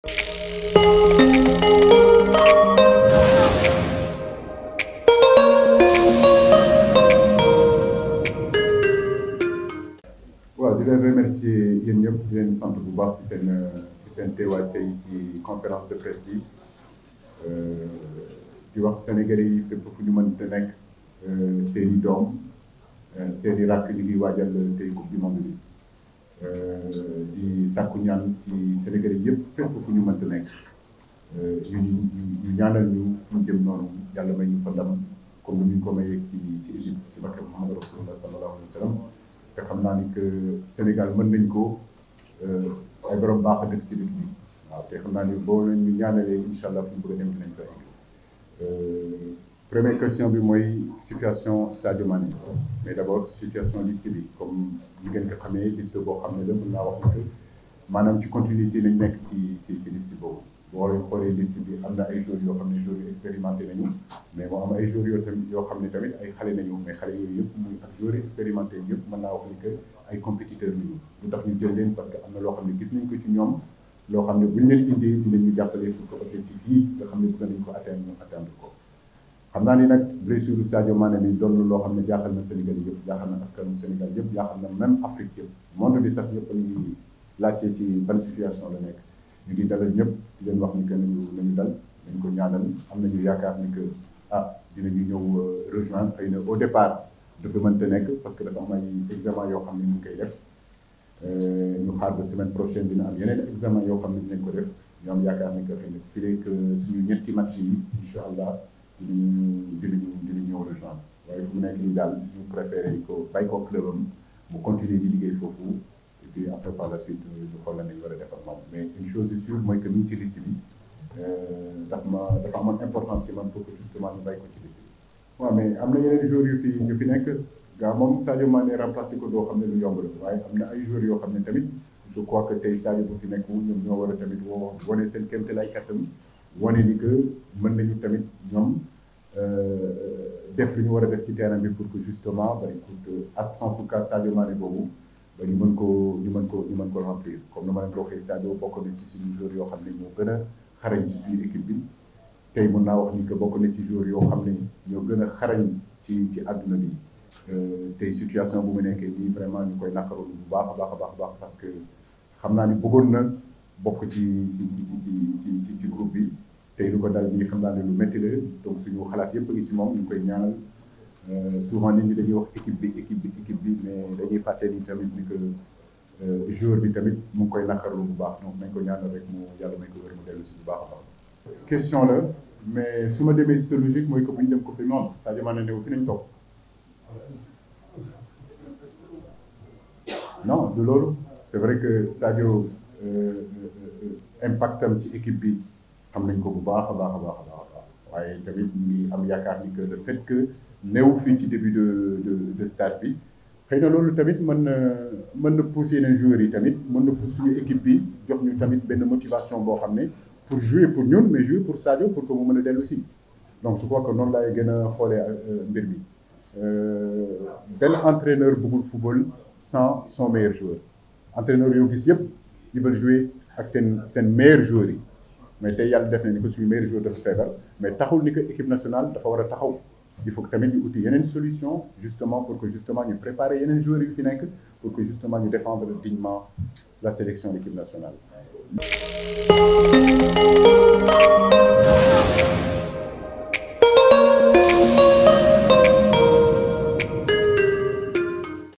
waa di leen remercier yéen ñëpp di leen sant bu baax ci seen ci seen teewaay tey ci conférence de presse euh, di wax Sénégalais yi fépp fu ñu mënte nekk euh, seen i doom euh, seen i rakk ñu ngi waajal tey coupe du monde di sàkku ñaan ci Sénégalais yëpp fépp fu ñu mënta nekk euh, ñu ñu ñaanal ñu fu ñu jëm noonu yàlla may ñu fa ndam comme ñu ko mayee ci ci Égypte ci barke Muhammad Rasulullah sallallahu alayhi wa sallam te xam naa ni que mën nañ ko euh, ay borom baax a dëkk ci dëkk bi waaw te xam naa ni boo leen ñu ñaanalee incha fu ñu bëgg a dem dinañ ko egg euh, première question bi mooy situation Sadio Mané mais d' abord situation liste bi comme ni ngeen ko xamee liste boo xam ne la mën naa wax ni maanaam ci continuité lañ nekk ci ci ci liste boobu boo leen xoolee liste bi am na ay joueurs yoo xam ne joueurs yu expérimenté nañu mais moo am ay joueurs yoo tamit yoo xam ne tamit ay xale nañu mais xale yooyu yëpp muy ak joueurs expérimenté yëpp mën naa wax ni que ay compétiteurs lañu lu tax ñu jël leen parce que am na loo xam ne gis nañ ko ñoom loo xam ne xam naa ni nag blessure Sadio Mané bi doon na loo xam ne jaaxal na Sénégal yëpp jaaxal na askanu Sénégal yëpp jaaxal na même Afrique yëpp monde sax ñëpp a ngi ci ban situation la nekk ñu ngi dalal ñëpp di leen wax ni que nañu dal dañ ko ñaanal am nañu yaakaar ni que ah ñu ñëw euh, rejoindre xëy na au départ dafa man mënta nekk parce que dafa am ay examen yoo xam ne ñu koy def euh, ñu xaar ba semaine prochaine dina am yeneen examen yoo xam ne dinañ ko def ñu am yaakaar ni que xëy na fii rek euh, suñu ñetti match allah. dinañu dinañu dinañu ñëw rejoindre waaye fu mu nekk nii daal ñu préféré ko bàyyi ko club am mu continuer di liggéey foofu et puis après par la suite euh, ñu xool la nañu war a defar moom mais une chose est sûre mooy que ñu ci liste bi ndax euh, ma dafa amoon importance ci man pour que justement ñu bàyyi ko ci liste bi. waaw mais am na yeneen joueurs yu fi yu fi nekk gaa moom Sadio Mané remplacé ko doo xam ne lu yomb la waaye am na ay joueurs yoo xam ne tamit je crois que tey Sadio bu fi nekk ñoom ñoo war a tamit wane ni que mën nañu tamit ñoom euh, def li ñu war a def ci terrain bi pour que justement ba écoute ak sans fouka Sadio Mané boobu ba ñu mën ko ñu mën ko ñu mën ko remplir comme ni ma leen ko waxee Sadio bokk na si suñu joueur yoo xam ne ñoo gën a xarañ ci suñu équipe bi tey mën naa wax ni que bokk na ci joueur yoo xam ne ñoo gën a xarañ ci ci àdduna bi euh, tey situation bu mu nekkee nii vraiment ñu koy naqaroon bu baax a baax a baax parce que xam naa ni bëggoon na. bokk ci ci ci ci ci groupe bi tey lu ko dal bi xam naa ne lu métti la donc suñu xalaat yëpp a ngi si moom ñu ngi koy ñaanal euh, souvent nit ñi dañuy wax équipe bi équipe bi équipe bi mais dañuy fàtte ni tamit ni que euh, joueur bi tamit mu ngi koy naqarlu bu baax donc nañ ko ñaanal rek mu yàlla may ko wér mu si bu baax baax. question la mais su ma demee si mooy que bu ñu dem coupe du monde Sadio Mané ne fi nañ toog non du loolu c'est vrai que Sadio. Euh, impactam ci équipe bi xam nañ ko bu baax a baax a baax baax waaye tamit ñu am yaakaar ni que le fait que néew fii ci début de de de stage bi xëy na loolu tamit mën na mën na pousser na joueurs yi tamit mën na pousser suñu équipe bi jox ñu tamit benn motivation boo xam ne pour jouer pour ñun mais jouer pour Sadio pour que mu mën a dellu si donc je crois que noonu laay gën a xoolee euh, mbir mi benn euh, entraîneur bëggul football sans son meilleur joueur entraîneur yoo gis yëpp. qui veulent jouer ak seen seen meilleurs joueurs mais tey yàlla def na ni que suñu meilleur joueur dafa feebar mais taxul ni que équipe nationale dafa war a taxaw il faut que tamit ñu uti yeneen solution justement pour que justement ñu préparer yeneen joueurs fi nekk pour que justement ñu défendre dignement la sélection l'équipe nationale